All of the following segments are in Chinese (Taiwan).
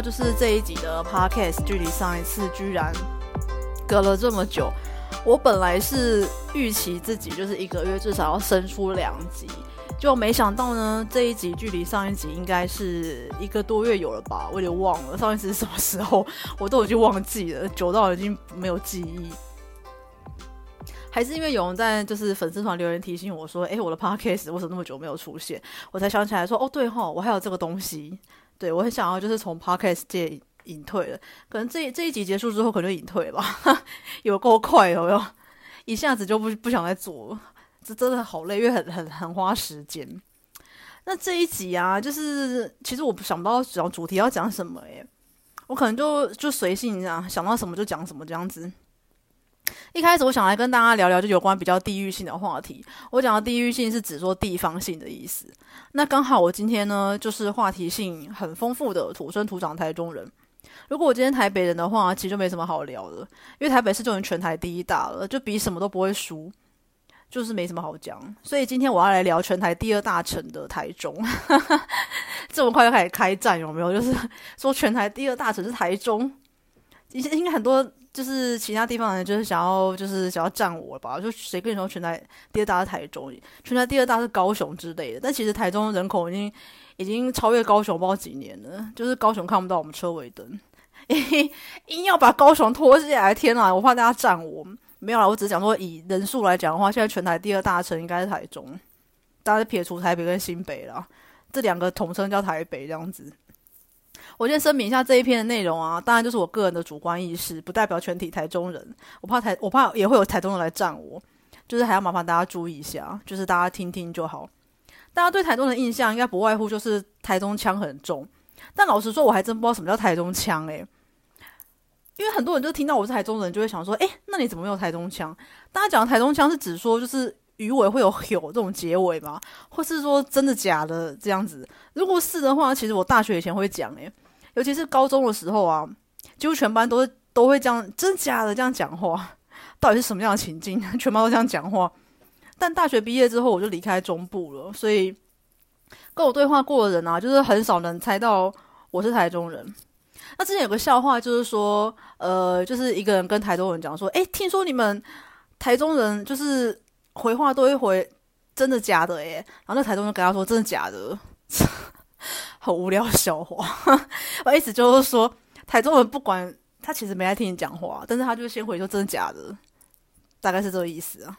就是這一集的 podcast 距離上一次居然隔了這麼久。我本來是預期自己就是一個月至少要生出兩集，就沒想到呢，這一集距離上一集應該是一個多月有了吧？我有點忘了上一次是什麼時候，我都已經忘記了，久到已經沒有記憶。還是因為有人在就是粉絲團留言提醒我說：“哎，我的 podcast 為什麼那麼久沒有出現？”我才想起來說：“哦，對吼，我還有這個東西。”對，我很想要就是從 Podcast 界隱退了，可能這這一集結束之後，可能就隱退了吧， 有夠快，哦，要一下子就不不想再做了，這真的好累，因為很很很花時間。那這一集啊，就是其實我不想不到講主題要講什麼耶，我可能就就隨性這、啊、樣想到什麼就講什麼這樣子。一開始我想來跟大家聊聊，就有關比較地域性的話題。我講的地域性是指說地方性的意思。那剛好我今天呢，就是話題性很豐富的土生土長台中人。如果我今天台北人的話，其實就沒什麼好聊的，因為台北市就已經全台第一大了，就比什麼都不會輸，就是沒什麼好講。所以今天我要來聊全台第二大城的台中。 這麼快就開始開戰，有沒有？就是說全台第二大城是台中，其實應該很多。就是其他地方人就是想要就是想要占我吧，就誰跟你說全台第二大是台中，全台第二大是高雄之類的。但其實台中人口已經已經超越高雄，不知道幾年了。就是高雄看不到我們車尾燈，嘿 硬要把高雄拖下來。天啊，我怕大家占我。沒有啦，我只是講說以人數來講的話，現在全台第二大城應該是台中。大家撇除台北跟新北了，這兩個統稱叫台北這樣子。我先聲明一下這一篇的內容啊，當然就是我個人的主觀意識，不代表全體台中人。我怕台，我怕也會有台中人來戰我，就是還要麻煩大家注意一下，就是大家聽聽就好。大家對台中人的印象應該不外乎就是台中腔很重，但老實說我還真不知道什麼叫台中腔誒、欸，因為很多人就聽到我是台中人就會想說，誒，那你怎麼沒有台中腔？大家講台中腔是指說就是。語尾會有有這種結尾嗎？或是說真的假的這樣子？如果是的話，其實我大學以前會講哎、欸，尤其是高中的時候啊，幾乎全班都都會講真的假的這樣講話，到底是什麼樣的情境？全班都這樣講話。但大學畢業之後，我就離開中部了，所以跟我對話過的人啊，就是很少能猜到我是台中人。那之前有個笑話，就是說呃，就是一個人跟台中人講說，哎，聽說你們台中人就是。回話都一回，真的假的，欸？耶？然後那台中就跟他說：“真的假的？”好 無聊笑話，我一直就是說，台中人不管他其實沒在聽你講話，但是他就先回說：“真的假的？”大概是這個意思啊。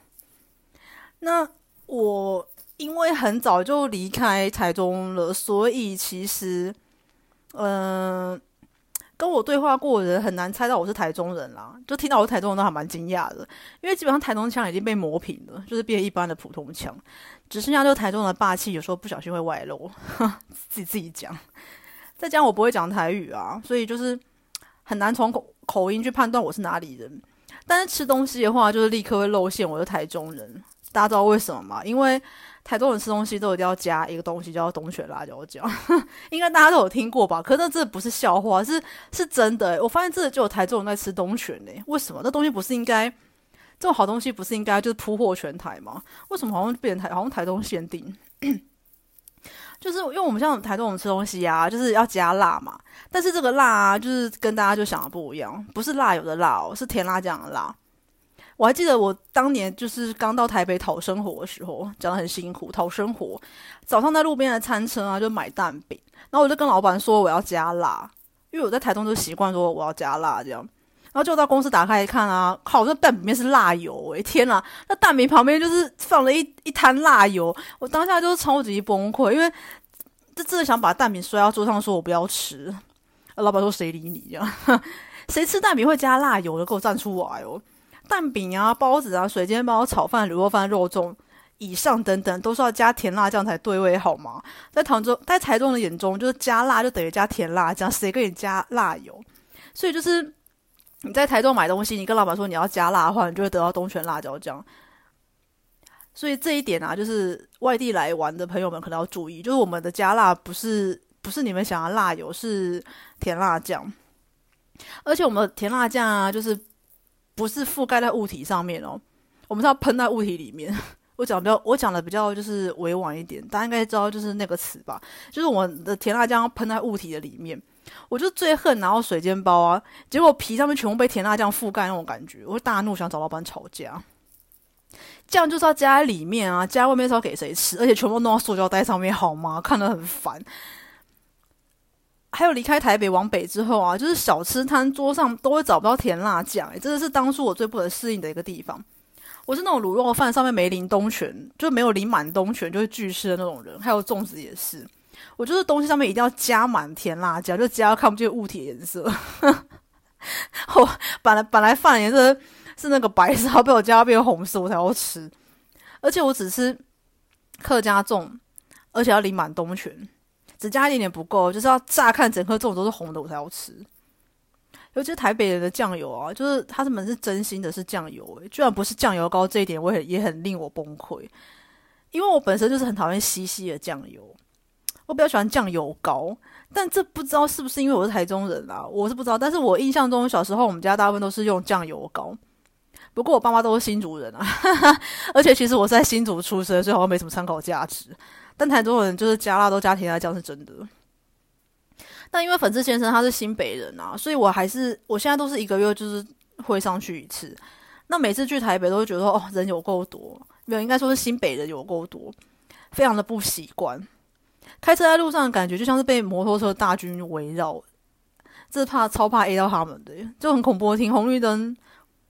那我因為很早就離開台中了，所以其實，嗯、呃。跟我對話過的人很難猜到我是台中人啦，就聽到我是台中人都還蠻驚訝的，因為基本上台中腔已經被磨平了，就是變成一般的普通腔，只剩下就台中的霸氣，有時候不小心會外露，自己自己講。再加上我不會講台語啊，所以就是很難從口口音去判斷我是哪裡人。但是吃東西的話，就是立刻會露餡，我是台中人。大家知道為什麼嗎？因為。台中人吃東西都一定要加一個東西，叫東泉辣椒醬， 應該大家都有聽過吧？可是那這不是笑話，是是真的、欸。我發現這就有台中人在吃東泉呢、欸。為什麼這東西不是應該這種好東西不是應該就是鋪貨全台嗎？為什麼好像變成台好像台中限定？ 就是因為我們像台中人吃東西啊，就是要加辣嘛。但是這個辣啊，就是跟大家就想的不一樣，不是辣油的辣，哦，是甜辣醬的辣。我還記得我當年就是剛到台北討生活的時候，講得很辛苦，討生活。早上在路邊的餐車啊，就買蛋餅。然後我就跟老闆說我要加辣，因為我在台中就習慣說我要加辣這樣。然後就到公司打開一看啊，靠，這蛋裡面是辣油哎、欸！天啊！那蛋餅旁邊就是放了一一灘辣油。我當下就是超級崩潰，因為就真的想把蛋餅摔到桌上，說我不要吃。啊、老闆說誰理你啊樣？誰吃蛋餅會加辣油的？我就給我站出來哦！蛋餅啊、包子啊、水煎包、炒飯、滷肉飯、肉粽以上等等，都是要加甜辣醬才對味，好嗎？在台中，在台中的眼中，就是加辣就等於加甜辣醬，誰跟你加辣油？所以就是你在台中買東西，你跟老板說你要加辣的話，你就會得到東泉辣椒醬。所以這一點啊，就是外地來玩的朋友們可能要注意，就是我們的加辣不是不是你們想要辣油，是甜辣醬，而且我們甜辣醬啊，就是。不是覆蓋在物體上面哦，我們是要噴在物體裡面。我講比較，我講的比較就是委婉一點，大家應該知道就是那個詞吧？就是我的甜辣醬要噴在物體的裡面。我就最恨拿到水煎包啊，結果皮上面全部被甜辣醬覆蓋那種感覺，我大怒，想找老闆吵架。醬就是要加在裡面啊，加在外面是要給誰吃？而且全部弄到塑膠袋上面好嗎？看得很煩。還有離開台北往北之後啊，就是小吃攤桌上都會找不到甜辣醬，欸，真的是當初我最不能適應的一個地方。我是那種滷肉飯上面沒淋東泉，就沒有淋滿東泉就會、是、拒吃的那種人。還有粽子也是，我就是東西上面一定要加滿甜辣醬，就加到看不見物體顏色。我、 哦、本來本來飯也是，是那個白色，被我加到變紅色我才要吃。而且我只吃客家粽，而且要淋滿東泉。只加一點點不夠，就是要乍看，整顆粽都是紅的我才要吃。尤其是台北人的醬油啊，就是他們是真心的是醬油哎、欸，居然不是醬油膏，這一點我也也很令我崩潰。因為我本身就是很討厭稀稀的醬油，我比較喜歡醬油膏。但這不知道是不是因為我是台中人啊，我是不知道。但是我印象中小時候我們家大部分都是用醬油膏，不過我爸媽都是新竹人啊，哈哈，而且其實我是在新竹出生，所以好像沒什麼參考價值。但台中人就是加辣都加甜辣醬是真的。那因為粉絲先生他是新北人啊，所以我還是我現在都是一個月就是會上去一次。那每次去台北都會覺得說，哦，人有夠多，沒有，應該說是新北人有夠多，非常的不習慣。開車在路上的感覺就像是被摩托車大軍圍繞，這是怕超怕 A 到他們的、欸，就很恐怖的。停紅綠燈，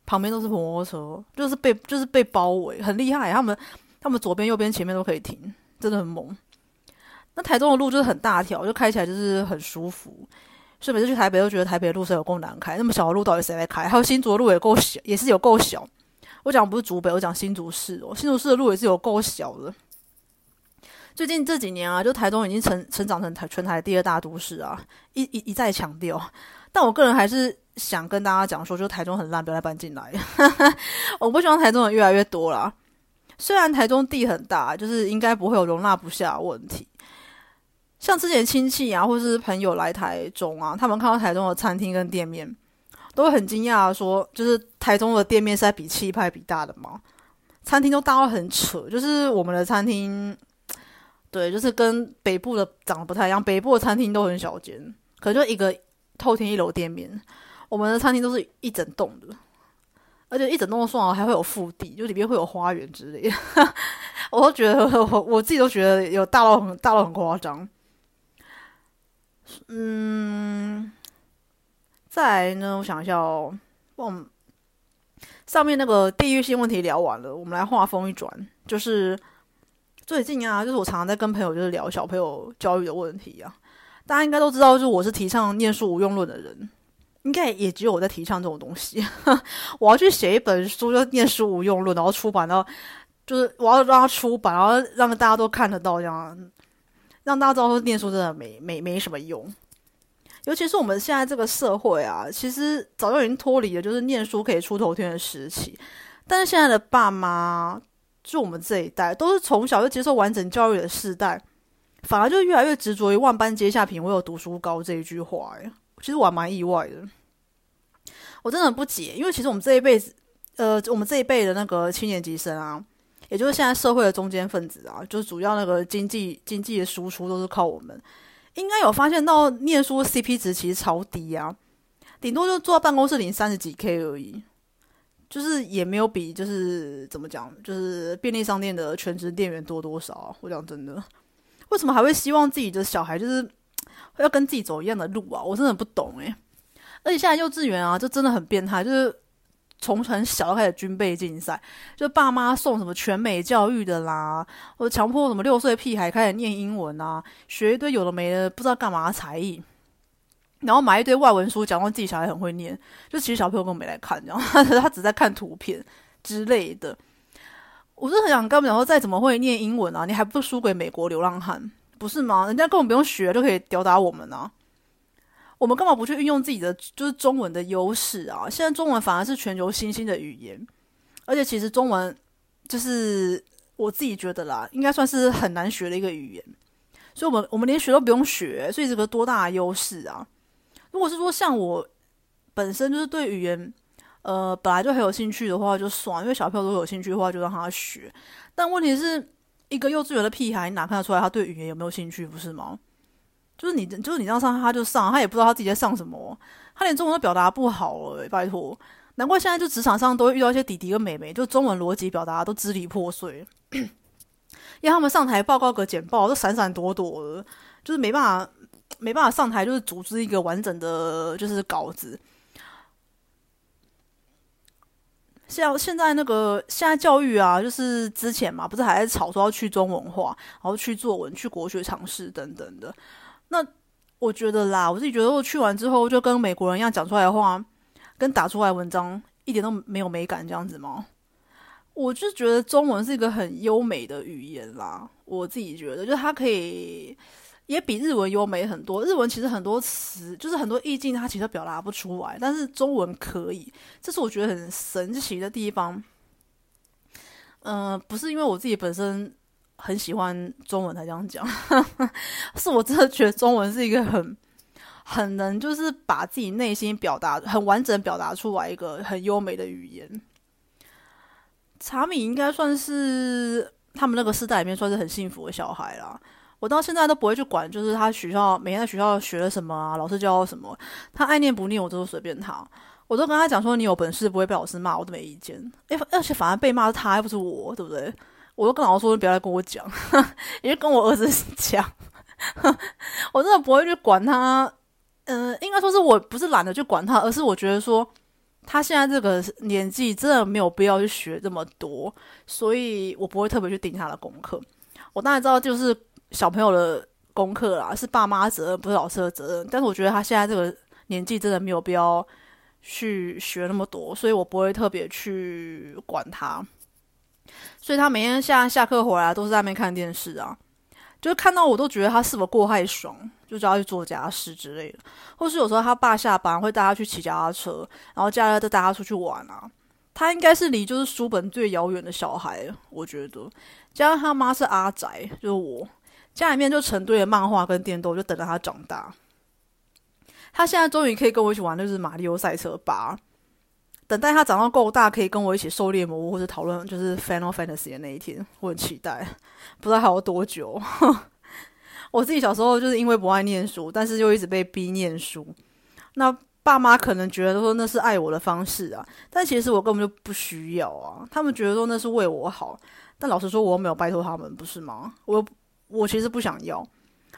旁邊都是摩托車，就是被就是被包圍，很厲害、欸。他們他們左邊、右邊、前面都可以停。真的很猛，那台中的路就是很大條，就開起來就是很舒服，所以每次去台北都覺得台北的路是有夠難開。那麼小的路到底誰來開？還有新竹的路也夠小，也是有夠小。我講不是竹北，我講新竹市哦、喔，新竹市的路也是有夠小的。最近這幾年啊，就台中已經成成長成台全台的第二大都市啊，一一一再強調。但我個人還是想跟大家講說，就是、台中很爛，不要再搬進來。 我不希望台中人越來越多啦。雖然台中地很大，就是應該不會有容納不下的問題。像之前親戚啊，或者是朋友來台中啊，他們看到台中的餐廳跟店面，都會很驚訝說，說就是台中的店面是在比氣派、比大的嗎？餐廳都大到很扯，就是我們的餐廳，對，就是跟北部的長得不太一樣。北部的餐廳都很小間，可就一個透天一樓店面，我們的餐廳都是一整棟的。而且一整棟的雙還會有腹地，就裡面會有花園之類的。 我都覺得，我我自己都覺得有大到很大到很誇張。嗯，再來呢，我想一下哦，我上面那個地域性問題聊完了，我們來畫風一轉，就是最近啊，就是我常常在跟朋友就是聊小朋友教育的問題啊。大家應該都知道，就是我是提倡念書無用論的人。應該也只有我在提倡這種東西。 我要去寫一本書，叫、就是《念書無用論》，然後出版，然後就是我要讓它出版，然後讓大家都看得到，這樣讓大家知道說念書真的沒沒沒什麼用。尤其是我們現在這個社會啊，其實早就已經脫離了就是念書可以出頭天的時期。但是現在的爸媽，就我們這一代，都是從小就接受完整教育的世代，反而就越來越執着於“萬般皆下品，唯有讀書高”這一句話誒。哎。其實我還蠻意外的，我真的很不解，因為其實我們這一輩子，呃，我們這一輩的那個七年級生啊，也就是現在社會的中間分子啊，就是主要那個經濟經濟的輸出都是靠我們，應該有發現到念書 CP 值其實超低啊，頂多就坐在辦公室領三十幾 K 而已，就是也沒有比就是怎麼講，就是便利商店的全職店員多多少啊，我講真的，為什麼還會希望自己的小孩就是？要跟自己走一樣的路啊！我真的不懂誒。而且現在幼稚園啊，就真的很變態，就是從很小就開始軍備競賽，就爸媽送什麼全美教育的啦，或者強迫什麼六歲屁孩開始念英文啊，學一堆有的沒的不知道幹嘛的才藝，然後買一堆外文書，假裝自己小孩很會念，就其實小朋友根本沒來看，這樣他只在看圖片之類的。我是很想跟他們講說，再怎麼會念英文啊，你還不輸給美國流浪漢？不是嗎？人家根本不用學就可以吊打我們呢、啊。我們幹嘛不去運用自己的就是中文的優勢啊？現在中文反而是全球新興的語言，而且其實中文就是我自己覺得啦，應該算是很難學的一個語言。所以，我們我們連學都不用學，所以這個多大的優勢啊？如果是說像我本身就是對語言呃本來就很有興趣的話，就爽，因為小朋友都有興趣的話就讓他學。但問題是。一個幼稚園的屁孩，你哪看得出來他對語言有沒有興趣？不是嗎？就是你，就是你這樣上，他就上，他也不知道他自己在上什麼，他連中文都表達不好，誒、欸。拜托，難怪現在就職場上都會遇到一些弟弟跟妹妹，就中文邏輯表達都支離破碎， 因為他們上台報告個簡報都閃閃躲躲了，就是沒辦法，沒辦法上台，就是組織一個完整的就是稿子。像現在那個現在教育啊，就是之前嘛，不是還在吵說要去中文化，然後去作文、去國學常識等等的。那我覺得啦，我自己覺得我去完之後，就跟美國人一樣講出來的話，跟打出來的文章一點都沒有美感，這樣子嗎？我就覺得中文是一個很優美的語言啦，我自己覺得，就它可以。也比日文優美很多。日文其實很多詞，就是很多意境，它其實表達不出來，但是中文可以。這是我覺得很神奇的地方。嗯、呃，不是因為我自己本身很喜歡中文才這樣講，呵呵，是我真的覺得中文是一個很很能就是把自己內心表達很完整表達出來一個很優美的語言。茶米應該算是他們那個時代裡面算是很幸福的小孩啦。我到現在都不會去管，就是他學校每天在學校學了什麼啊，老師教什麼，他愛念不念，我都隨便他。我都跟他講說，你有本事不會被老師罵，我都沒意見。誒、欸，而且反而被罵他，還不是我，對不對？我都跟老師說，你不要來跟我講，你 就跟我兒子講。 我真的不會去管他。嗯、呃，應該說是我不是懶得去管他，而是我覺得說他現在這個年紀真的沒有必要去學這麼多，所以我不會特別去盯他的功課。我當然知道，就是。小朋友的功課啦，是爸媽的責任，不是老師的責任。但是我覺得他現在這個年紀，真的沒有必要去學那麼多，所以我不會特別去管他。所以他每天下下課回來都是在那邊看電視啊，就看到我都覺得他是否過害爽，就叫他去做家事之類的，或是有時候他爸下班會帶他去騎腳踏車，然後假日都帶他出去玩啊。他應該是離就是書本最遙遠的小孩，我覺得加上他媽是阿宅，就是我。家裡面就成堆的漫畫跟電動，就等着他長大。他現在終於可以跟我一起玩，就是《馬里奧賽車》吧？等待他長到夠大，可以跟我一起狩獵魔物或者討論，就是《Final Fantasy》的那一天，我很期待。不知道還要多久。 我自己小時候就是因為不愛念書，但是又一直被逼念書。那爸媽可能覺得說那是愛我的方式啊，但其實我根本就不需要啊。他們覺得說那是為我好，但老實說我又沒有拜託他們，不是嗎？我又。我其實不想要，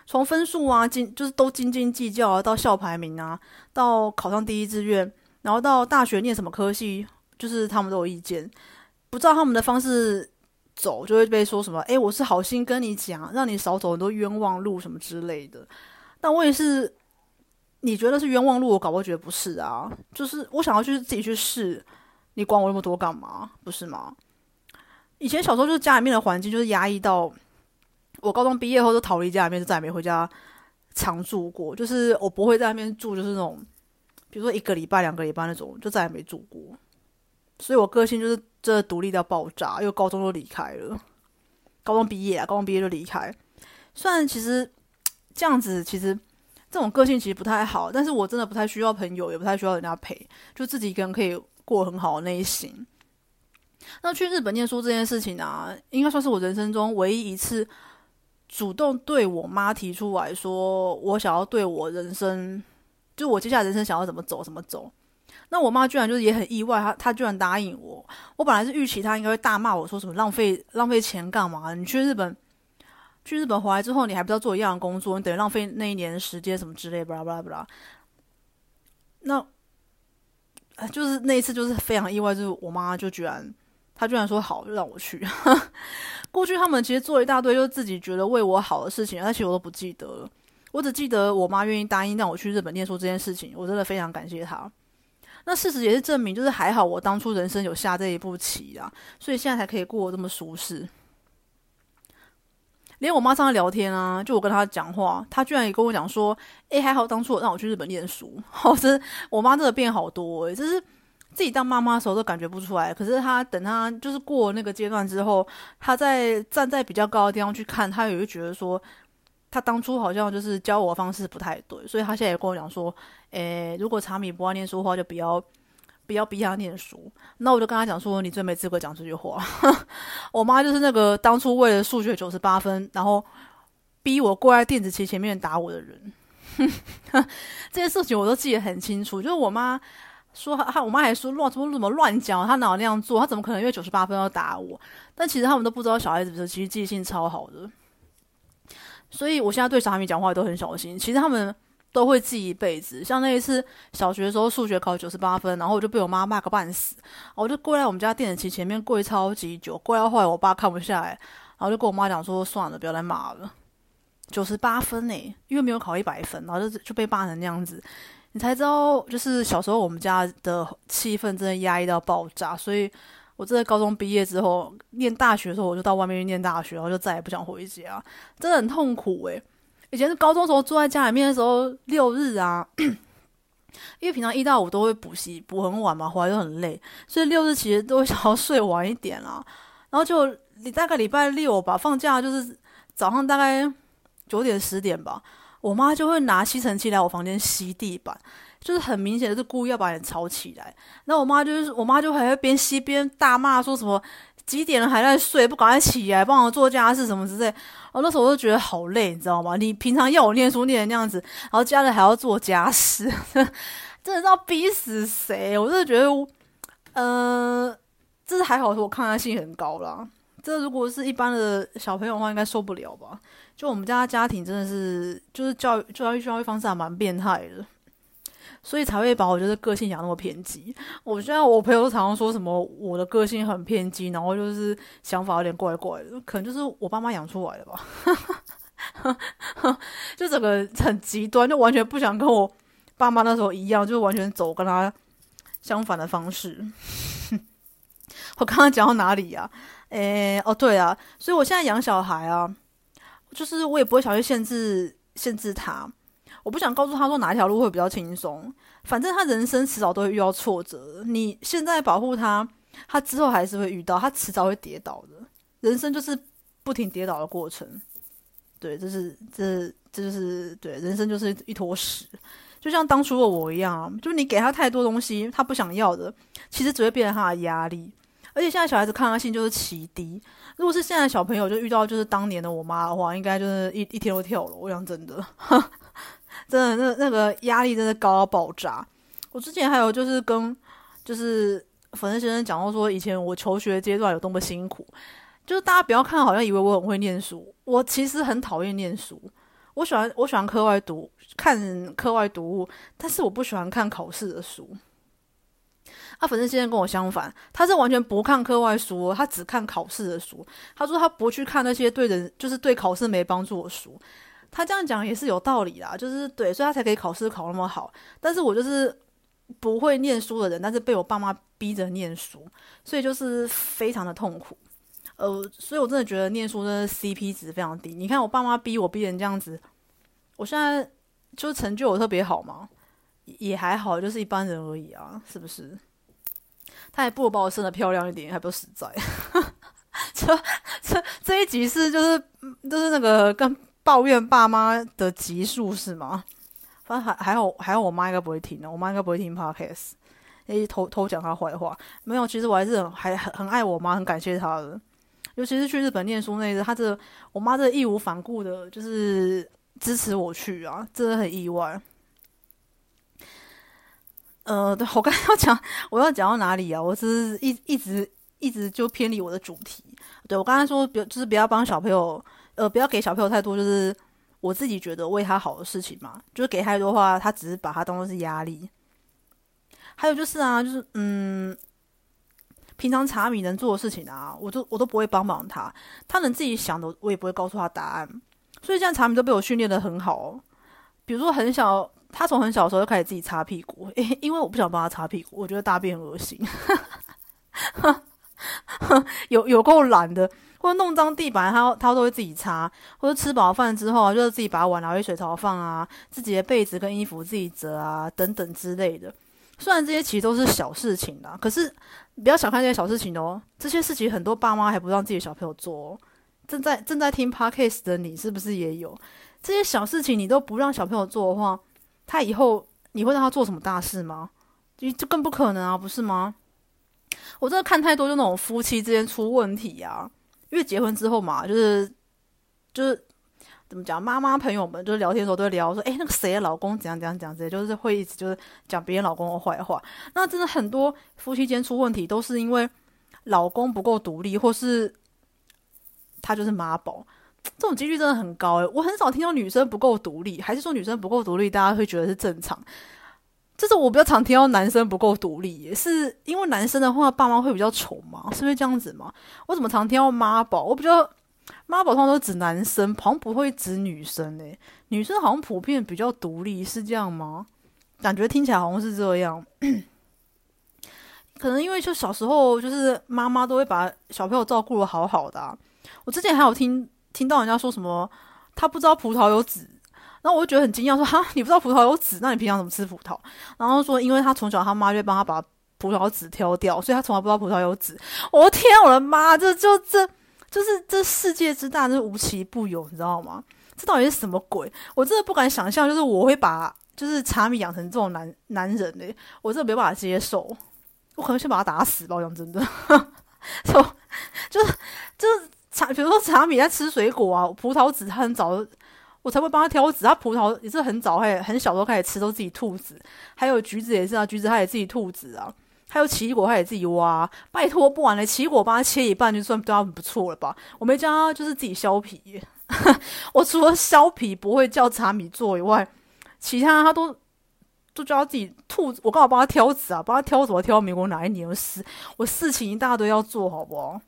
從分數啊，斤就是都斤斤計較啊，到校排名啊，到考上第一志願，然後到大學念什麼科系，就是他們都有意見。不照他們的方式走，就會被說什麼？誒，我是好心跟你講，讓你少走很多冤枉路什麼之類的。但我也是，你覺得是冤枉路，我搞不好覺得不是啊。就是我想要去自己去試，你管我那麼多幹嘛？不是嗎？以前小時候就是家裡面的環境，就是壓抑到。我高中畢業後就逃離家裡面，就再也沒回家常住過。就是我不會在那邊住，就是那種，比如說一個禮拜、兩個禮拜那種，就再也沒住過。所以，我個性就是真的獨立到爆炸，因為高中就離開了。高中畢業啊，高中畢業就離開。雖然其實這樣子，其實這種個性其實不太好，但是我真的不太需要朋友，也不太需要人家陪，就自己一個人可以過很好的內心。那去日本念書這件事情啊，應該算是我人生中唯一一次。主動對我媽提出來說，我想要對我人生，就我接下來人生想要怎麼走怎麼走。那我媽居然就是也很意外，她、她居然答應我。我本來是預期她應該會大罵我說什麼浪費浪費錢幹嘛？你去日本去日本回來之後，你還不知道做一樣的工作，你等於浪費那一年的時間什麼之類，巴拉巴拉巴拉。那，就是那一次就是非常意外，就是我媽就居然她居然說好就讓我去。 過去他們其實做一大堆，就自己覺得為我好的事情，但其實我都不記得了。我只記得我媽願意答應讓我去日本念書這件事情，我真的非常感謝她。那事實也是證明，就是還好我當初人生有下這一步棋啊，所以現在才可以過這麼舒適。連我媽上次聊天啊，就我跟她講話，她居然也跟我講說：“哎，還好當初我讓我去日本念書。哦”好真，我媽真的變好多哎、欸，就是。自己當媽媽的時候都感覺不出來，可是他等他就是過那個階段之後，他在站在比較高的地方去看，他也會覺得說，他當初好像就是教我的方式不太對，所以他現在也跟我講說，誒、欸，如果茶米不愛念書的話，就不要不要逼他念書。那我就跟他講說，你最沒資格講這句話。 我媽就是那個當初為了數學九十八分，然後逼我跪在電子琴前面打我的人， 這些事情我都記得很清楚。就是我媽。說，哈，我媽還說亂，怎麼怎麼亂講。她哪有那樣做？她怎麼可能因為九十八分要打我？但其實他們都不知道小孩子是其實記性超好的，所以我現在對小孩子講話都很小心。其實他們都會記一輩子。像那一次小學的時候數學考九十八分，然後我就被我媽罵個半死，然後我就跪在我們家電子琴前面跪超級久，跪到後來我爸看不下來，然後就跟我媽講說算了，不要再罵了。九十八分誒、欸，因為沒有考一百分，然後就就被罵成那樣子。你才知道，就是小時候我們家的氣氛真的壓抑到爆炸，所以我真的高中畢業之後，念大學的時候，我就到外面去念大學，然後就再也不想回家了，真的很痛苦欸。以前是高中的時候住在家裡面的時候，六日啊， 因為平常一到五都會補習，補很晚嘛，回來就很累，所以六日其實都會想要睡晚一點啦。然後就你大概禮拜六吧，放假就是早上大概九點十點吧。我媽就會拿吸塵器來我房間吸地板，就是很明顯的是故意要把人吵起來。那我媽就是，我媽就還會邊吸邊大罵，說什麼幾點了還在睡，不趕快起來幫我做家事什麼之類。哦，那時候我就覺得好累，你知道嗎？你平常要我念書念的那樣子，然後家裡還要做家事，真的要逼死誰？我真的覺得，嗯、呃，這還好說，我抗壓性很高啦。這如果是一般的小朋友的話，應該受不了吧。就我們家家庭真的是，就是教育教育教育方式還蠻變態的，所以才會把我就是個性養那麼偏激。我現在我朋友常常說什麼我的個性很偏激，然後就是想法有點怪怪的，可能就是我爸媽養出來了吧。 就整個很極端，就完全不想跟我爸媽那時候一樣，就完全走跟他相反的方式。 我剛剛講到哪裡呀？啊？誒、欸、哦對啊，所以我現在養小孩啊。就是我也不會想去限制限制他，我不想告訴他說哪一條路會比較輕鬆。反正他人生遲早都會遇到挫折，你現在保護他，他之後還是會遇到，他遲早會跌倒的。人生就是不停跌倒的過程，對，這是這這就是對，人生就是一坨屎，就像當初的我一樣，就是你給他太多東西，他不想要的，其實只會變成他的壓力。而且現在小孩子抗壓性，就是奇低，如果是現在小朋友就遇到就是當年的我媽的話，應該就是一一天都跳樓。我講真的，呵呵，真的那那個壓力真的高到爆炸。我之前還有就是跟就是粉嫩先生講到說，說，以前我求學階段有多麼辛苦。就是大家不要看好像以為我很會念書，我其實很討厭念書。我喜歡我喜歡課外讀看課外讀物，但是我不喜歡看考試的書。他反正現在跟我相反，他是完全不看課外書，他只看考試的書。他說他不去看那些對人就是對考試沒幫助的書。他這樣講也是有道理啦，就是對，所以他才可以考試考那麼好。但是我就是不會念書的人，但是被我爸媽逼着念書，所以就是非常的痛苦。呃，所以我真的覺得念書的 CP 值非常低。你看我爸媽逼我逼成這樣子，我現在就成就我特別好嗎？也還好，就是一般人而已啊，是不是？他也不如把我生得漂亮一點，還不如實在。 這這這一集是就是就是那個跟抱怨爸媽的集數是嗎？反正還還好還好我，我媽應該不會聽的，我媽應該不會聽 podcast，偷偷講她壞話。沒有，其實我還是很還很很愛我媽，很感謝她的。尤其是去日本念書那一次，她這個、我媽這義無反顧的，就是支持我去啊，真的很意外。呃，對，我剛才要講，我要講到哪裡啊？我是一一直一直就偏離我的主題。對，我剛才說，比就是不要幫小朋友，呃，不要給小朋友太多，就是我自己覺得為他好的事情嘛。就是給太多話，他只是把他當做是壓力。還有就是啊，就是嗯，平常茶米能做的事情啊，我都我都不會幫忙他。他能自己想的，我也不會告訴他答案。所以現在茶米都被我訓練得很好。比如說很小。他從很小的時候就開始自己擦屁股，因為我不想幫他擦屁股，我覺得大便噁心， 有有夠懶的，或者弄髒地板，他他都會自己擦，或者吃飽飯之後啊，就是自己把碗拿去水槽放啊，自己的被子跟衣服自己折啊，等等之類的。雖然這些其實都是小事情啦，可是不要小看這些小事情哦。這些事情很多爸媽還不讓自己的小朋友做哦。正在正在聽 Podcast 的你，是不是也有這些小事情？你都不讓小朋友做的話。他以後你會讓他做什麼大事嗎？就就更不可能啊，不是嗎？我真的看太多，就那種夫妻之間出問題啊，因為結婚之後嘛，就是就是怎麼講？媽媽朋友們就是聊天的時候都會聊說，哎，那個誰的老公怎樣怎樣怎樣，直接就是會一直就是講別人老公的壞話。那真的很多夫妻間出問題都是因為老公不夠獨立，或是他就是媽寶。這種機率真的很高誒、欸，我很少聽到女生不夠獨立，還是說女生不夠獨立，大家會覺得是正常？這、就是我比較常聽到男生不夠獨立、欸，是因為男生的話，爸媽會比較寵嘛，是不是這樣子嘛？我怎麼常聽到媽寶？我比較媽寶，通常都指男生，好像不會指女生誒、欸，女生好像普遍比較獨立，是這樣嗎？感覺聽起來好像是這樣。 可能因為就小時候，就是媽媽都會把小朋友照顧得好好的、啊。我之前還有聽。聽到人家說什麼，他不知道葡萄有籽，然後我就覺得很驚訝說，說哈，你不知道葡萄有籽，那你平常怎麼吃葡萄？然後說，因為他從小他媽就幫他把葡萄籽挑掉，所以他從來不知道葡萄有籽。我的天、啊，我的媽，這就這就是這世界之大，是無奇不有，你知道嗎？這到底是什麼鬼？我真的不敢想象，就是我會把就是茶米養成這種男男人嘞、欸，我真的沒有辦法接受，我可能先把他打死吧，我想真的， 就就是。就比如說茶米在吃水果啊，葡萄籽他很早我才會幫他挑籽，他葡萄也是很早還很小時候開始吃，都是自己吐籽。還有橘子也是啊，橘子他也自己吐籽啊，還有奇異果他也自己挖、啊，拜託不完了，奇異果幫他切一半就算對他很不錯了吧。我沒教他就是自己削皮， 我除了削皮不會叫茶米做以外，其他他都都叫他自己吐。我剛好幫他挑籽啊，幫他挑什麼挑美國哪一年的、就、事、是，我事情一大堆要做好不好？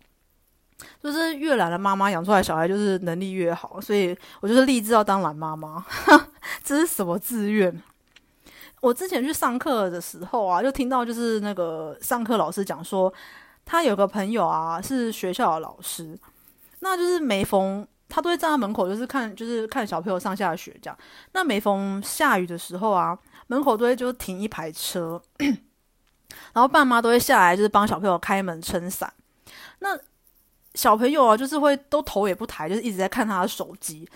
就是越懶的媽媽養出來小孩，就是能力越好，所以我就是立志要當懶媽媽。 這是什麼志願？我之前去上課的時候啊，就聽到就是那個上課老師講說，他有個朋友啊是學校的老師，那就是每逢他都會站在門口，就是看就是看小朋友上下學這樣。那每逢下雨的時候啊，門口都會就停一排車， 然後爸媽都會下來就是幫小朋友開門、撐傘。那小朋友啊，就是會都頭也不抬，就是一直在看他的手機。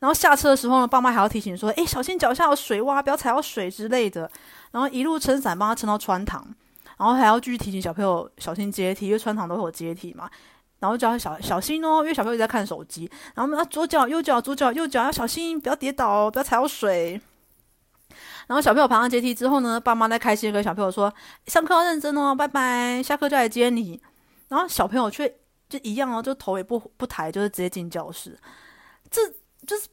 然後下車的時候呢，爸媽還要提醒說：“誒、欸，小心腳下有水窪，不要踩到水之類的。”然後一路撐傘幫他撐到穿堂，然後還要繼續提醒小朋友小心階梯，因為穿堂都會有階梯嘛。然後叫他小小心哦，因為小朋友一直在看手機。然後啊，左腳、右腳、左腳、右腳要小心，不要跌倒，不要踩到水。然後小朋友爬上階梯之後呢，爸媽在開心地跟小朋友說：“上課要認真哦，拜拜，下課就來接你。”然後小朋友卻。就一樣哦，就頭也不不抬，就是直接進教室。這就是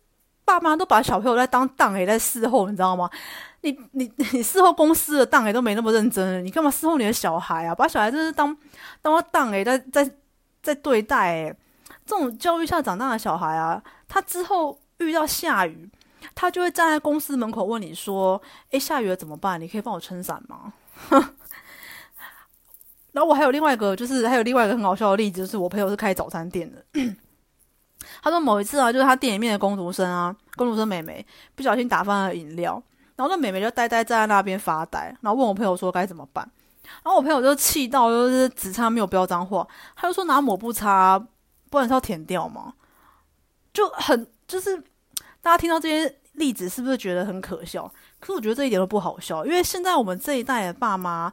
爸媽都把小朋友在當董 ㄟ，在伺候，你知道嗎？你你你伺候公司的董 ㄟ 都沒那麼認真，你幹嘛伺候你的小孩啊？把小孩就是當當個董 ㄟ，在在在對待誒。這種教育下長大的小孩啊，他之後遇到下雨，他就會站在公司門口問你說：“哎、欸，下雨了怎麼辦？你可以幫我撐傘嗎？”呵然後我還有另外一個，就是還有另外一個很搞笑的例子，就是我朋友是開早餐店的。他說某一次啊，就是他店裡面的工讀生啊，工讀生妹妹不小心打翻了飲料，然後那妹妹就呆呆站在那邊發呆，然後問我朋友說該怎麼辦。然後我朋友就氣到，就是只差沒有飆髒話，他就說拿抹布擦，不然是要舔掉嗎？就很就是大家聽到這些例子，是不是覺得很可笑？可是我覺得這一點都不好笑，因為現在我們這一代的爸媽。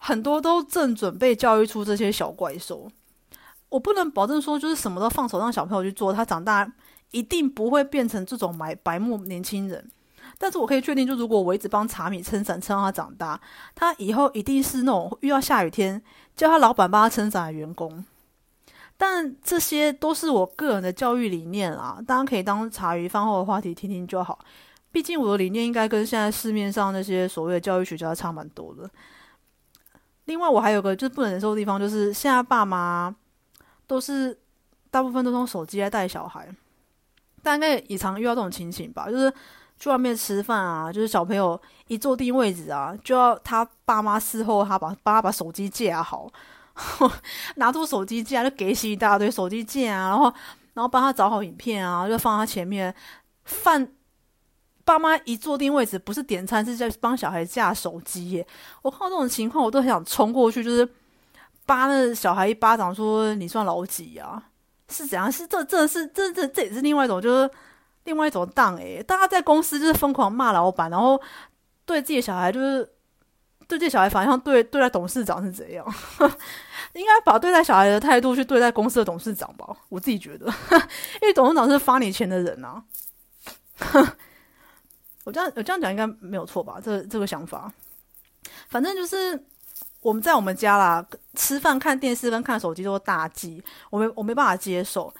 很多都正準備教育出這些小怪獸，我不能保證說，就是什麼都放手讓小朋友去做，他長大一定不會變成這種買白目年輕人。但是我可以確定，就如果我一直幫茶米撐傘，撐到他長大，他以後一定是那種遇到下雨天叫他老板幫他撐傘的員工。但這些都是我個人的教育理念啦，大家可以當茶餘飯後的話題聽聽就好。畢竟我的理念應該跟現在市面上那些所謂的教育學家差蠻多的。另外，我還有個就是不能忍受的地方，就是現在爸媽都是大部分都用手機來帶小孩，大概也常遇到這種情形吧，就是去外面吃飯啊，就是小朋友一坐定位置啊，就要他爸媽伺候他，把幫他把，爸爸把手機架、啊、好， 拿出手機架、啊、就給起一大堆手機架啊，然後然後幫他找好影片啊，就放他前面飯。爸媽一坐定位置，不是點餐，是在幫小孩架手機耶。我看到這種情況，我都很想衝過去，就是巴那小孩一巴掌說，說你算老幾啊？是怎樣？是這，這是，這這這也是另外一種，就是另外一種當誒、欸，大家在公司就是瘋狂罵老闆，然後對自己的小孩就是對這小孩，反正像對對待董事長是怎樣？ 應該把對待小孩的態度去對待公司的董事長吧？我自己覺得， 因為董事長是發你錢的人啊。 我這樣我這樣講應該沒有錯吧？這個、這個想法，反正就是我們在我們家啦，吃飯、看電視跟看手機都是大忌，我沒我沒辦法接受。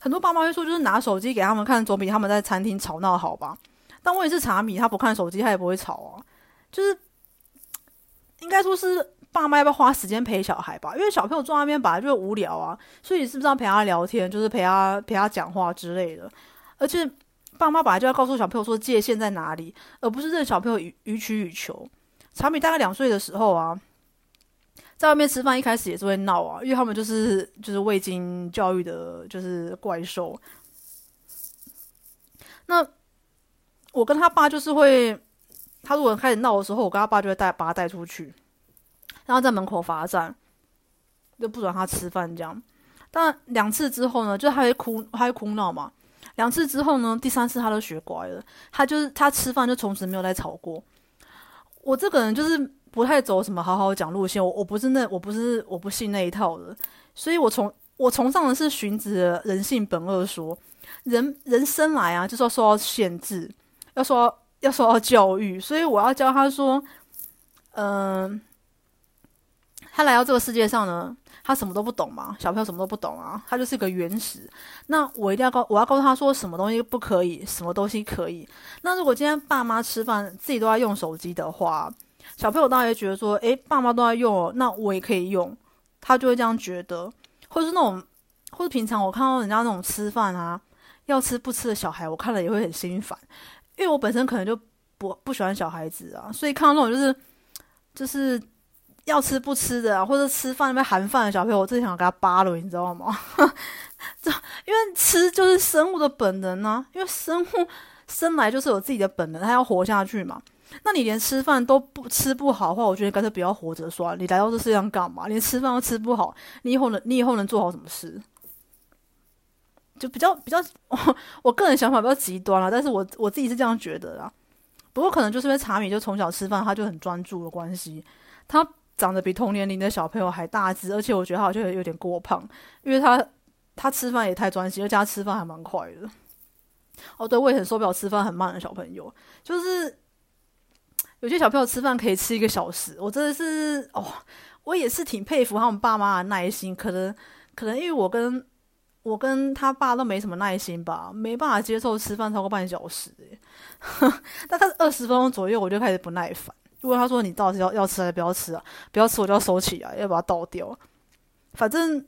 很多爸媽會說，就是拿手機給他們看，總比他們在餐廳吵鬧好吧？但我也是茶米，他不看手機，他也不會吵啊。就是應該說是爸媽要不要花時間陪小孩吧？因為小朋友坐在那邊本來就無聊啊，所以你是不是要陪他聊天，就是陪他陪他講話之類的？而且。爸媽本來就要告訴小朋友說界限在哪裡，而不是任小朋友予予取予求。茶米大概兩歲的時候啊，在外面吃飯一開始也是會鬧啊，因為他們就是就是未經教育的，就是怪獸。那我跟他爸就是會，他如果開始鬧的時候，我跟他爸就會帶把他帶出去，然後在門口罰站，就不准他吃飯這樣。但兩次之後呢，就他會哭，他會哭鬧嘛。兩次之後呢，第三次他都學乖了。他就是他吃飯就從此沒有再吵過。我這個人就是不太走什麼好好講路線，我我不是那，我不是我不信那一套的。所以我從，我崇我崇尚的是荀子的“人性本惡”說，人人生來啊，就是要受到限制，要說要受到教育。所以，我要教他說，嗯、呃，他來到這個世界上呢。他什麼都不懂嘛，小朋友什麼都不懂啊，他就是一個原始。那我一定要告，我要告訴他說，什麼東西不可以，什麼東西可以。那如果今天爸媽吃飯自己都在用手機的話，小朋友大概覺得說，誒，爸媽都在用，那我也可以用，他就會這樣覺得。或是那種，或是平常我看到人家那種吃飯啊，要吃不吃的小孩，我看了也會很心煩，因為我本身可能就不不喜歡小孩子啊，所以看到那種就是，就是。要吃不吃的、啊，或者吃飯那邊含飯的小朋友，我自己想給他扒了，你知道嗎？ 因為吃就是生物的本能呢、啊，因為生物生來就是有自己的本能，他要活下去嘛。那你連吃飯都不吃不好的話，我覺得乾脆不要活着算了。你來到這世界上幹嘛？連吃飯都吃不好，你以後能你以後能做好什麼事？就比較比較我，我個人想法比較極端了，但是我我自己是這樣覺得啊。不過可能就是因為茶米就從小吃飯，他就很專注的關係，他。長得比同年齡的小朋友還大只，而且我覺得他好像有點過胖，因為他他吃飯也太專心，而且他吃飯還蠻快的。哦，對，我也很受不了吃飯很慢的小朋友，就是有些小朋友吃飯可以吃一個小時，我真的是哦，我也是挺佩服他們爸媽的耐心。可能可能因為我跟我跟他爸都沒什麼耐心吧，沒辦法接受吃飯超過半小時，欸，但他二十分鐘左右我就開始不耐煩。如果他說，你到底要要吃還是不要吃啊？不要吃我就要收起來，要把它倒掉。反正，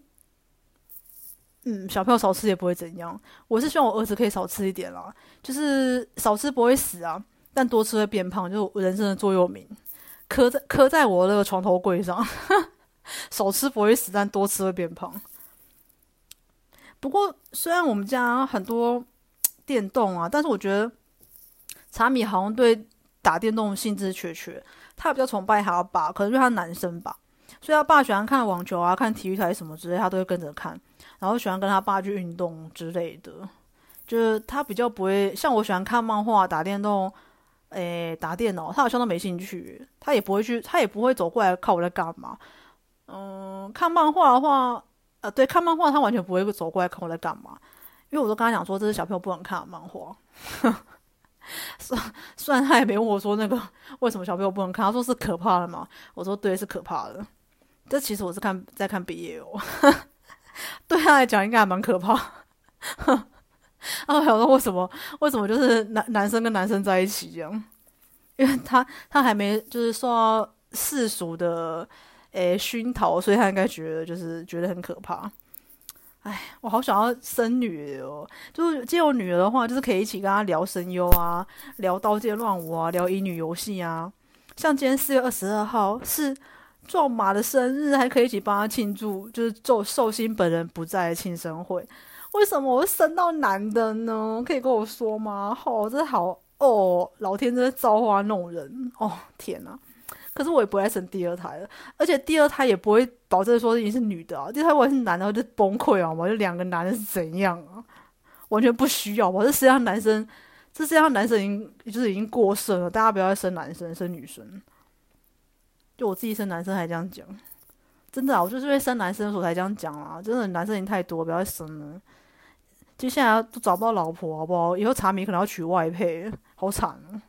嗯，小朋友少吃也不會怎樣。我是希望我兒子可以少吃一點啦，就是少吃不會死啊，但多吃會變胖，就是人生的座右銘，刻在刻在我那個床頭櫃上。 少吃不會死，但多吃會變胖。不過雖然我們家很多電動啊，但是我覺得茶米好像對。打電動興緻缺缺，他比較崇拜他爸，可能因為他男生吧，所以他爸喜歡看網球啊、看體育台什麼之類，他都會跟着看，然後喜歡跟他爸去運動之類的。就是他比較不會像我喜歡看漫畫、打電動、誒，打電腦，他好像都沒興趣，他也不會去，他也不會走過來看我在幹嘛。嗯，看漫畫的話，呃，對，看漫畫他完全不會走過來看我在幹嘛，因為我都跟他講說，這是小朋友不能看的漫畫。 算，算，他也沒問我說那個為什麼小朋友不能看，他說是可怕的嘛？我說對，是可怕的。這其實我是看在看 BL 哦， 對他來講應該還蠻可怕的。 他還我說為什麼？為什麼就是男男生跟男生在一起這樣？因為他他還沒就是說世俗的誒、欸、熏陶，所以他應該覺得就是覺得很可怕。哎，我好想要生女哦！就是借我女兒的話，就是可以一起跟她聊聲優啊，聊刀劍亂舞啊，聊乙女遊戲啊。像今天四月二十二號是壯馬的生日，還可以一起幫她慶祝，就是咒壽星本人不在的慶生會。為什麼我會生到男的呢？可以跟我說嗎？吼好，這好哦，老天真的造化弄人哦，天吶、啊！可是我也不會再生第二胎了，而且第二胎也不會保證說已經是女的啊。第二胎我是男的我就崩潰啊！我就兩個男的是怎樣啊？完全不需要好不好！我這世界上男生，這世界上男生已經就是已經過剩了，大家不要再生男生，生女生。就我自己生男生還這樣講，真的啊！我就是因為生男生的時候才這樣講啊！真的男生已經太多，不要再生了。就現在都找不到老婆好不好？以後茶米可能要娶外配，好慘啊！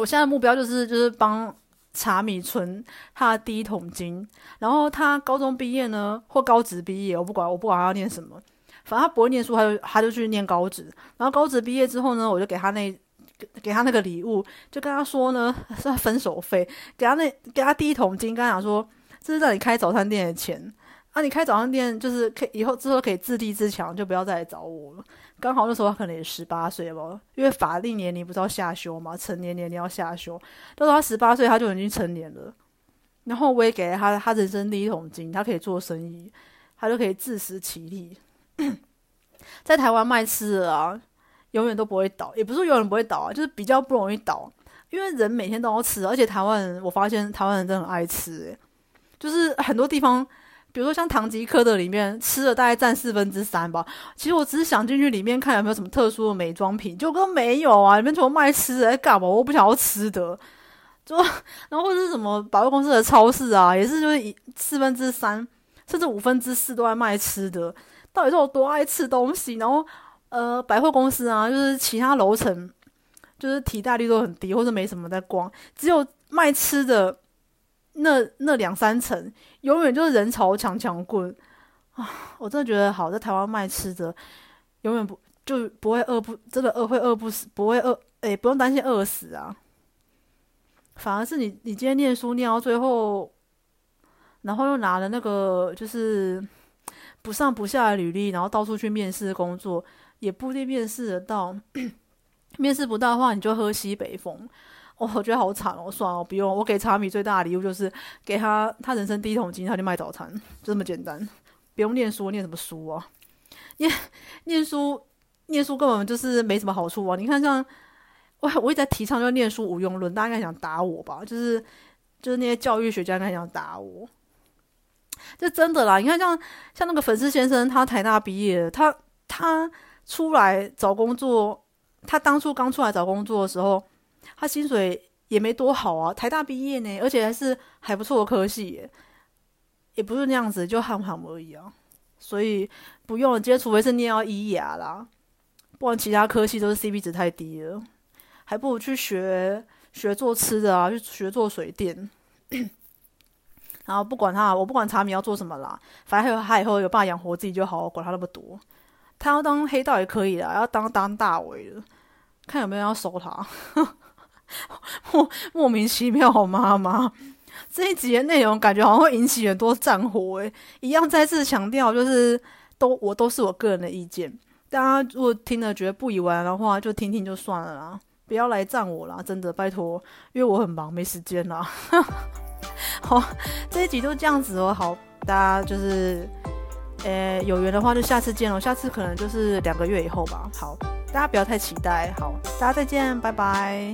我現在目標就是就是幫茶米存他的第一桶金，然後他高中畢業呢，或高職畢業，我不管，我不管他要念什麼，反正他不會念書，他就他就去念高職，然後高職畢業之後呢，我就給他那給他那個禮物，就跟他說呢是分手費，給他那給他第一桶金，跟他講說這是讓你開早餐店的錢。啊！你開早餐店就是可以，以後之後可以自立自強，就不要再來找我了。剛好那時候他可能也十八歲了，因為法定年齡不知道下修嘛，成年年齡要下修，到時候他十八歲他就已經成年了。然後我也給了他他人生第一桶金，他可以做生意，他就可以自食其力。 在台灣賣吃的啊，永遠都不會倒，也不是永遠不會倒啊，就是比較不容易倒，因為人每天都要吃啊，而且台灣人我發現台灣人真的很愛吃欸，就是很多地方。比如說像唐吉訶德裡面吃的大概佔四分之三吧。其實我只是想進去裡面看有沒有什麼特殊的美妝品，結果沒有啊。裡面全部賣吃的哎，幹嘛？我不想要吃的，就然後或者是什麼百貨公司的超市啊，也是就是四分之三甚至五分之四都在賣吃的。到底是我多愛吃東西？然後呃百貨公司啊，就是其他樓層就是提袋率都很低，或者沒什麼在逛，只有賣吃的。那那兩三層永遠就是人潮強強滾啊！我真的覺得好，在台灣賣吃的，永遠不就不會餓不，真的餓會餓不死，不會餓，哎、欸，不用擔心餓死啊。反而是你，你今天念書念到最後，然後又拿了那個就是不上不下的履歷，然後到處去面試工作，也不一定面試得到。 面試不到的話，你就喝西北風。哦、我覺得好慘哦！算了、哦，不用。我給茶米最大的禮物就是給他他人生第一桶金，他就賣早餐，就這麼簡單。不用念書，念什麼書啊？念念書，念書根本就是沒什麼好處啊！你看像，像我，我一直在提倡叫“念書無用論”，大家應該很想打我吧？就是就是那些教育學家應該很想打我。這真的啦！你看像，像像那個粉絲先生，他台大畢業，他他出來找工作，他當初剛出來找工作的時候。他薪水也沒多好啊，台大畢業呢，而且還是還不錯的科系耶，也不是那樣子就喊喊而已啊，所以不用了。今天除非是念要醫牙啦，不然其他科系都是 CP 值太低了，還不如去學學做吃的啊，去學做水電。 然後不管他，我不管茶米要做什麼啦，反正他以後有辦法養活自己就好，好，管他那麼多。他要當黑道也可以的，要當當大尾的，看有沒有人要收他。 莫莫名其妙，好媽媽這一集的內容感覺好像會引起很多戰火哎。一樣再次強調，就是都我都是我個人的意見，大家如果聽了覺得不以為然的話，就聽聽就算了啦，不要來戰我啦。真的拜托，因為我很忙，沒時間啦。 好，這一集就這樣子哦、喔，好，大家就是，呃、欸，有緣的話就下次見哦，下次可能就是兩個月以後吧。好，大家不要太期待，好，大家再見，拜拜。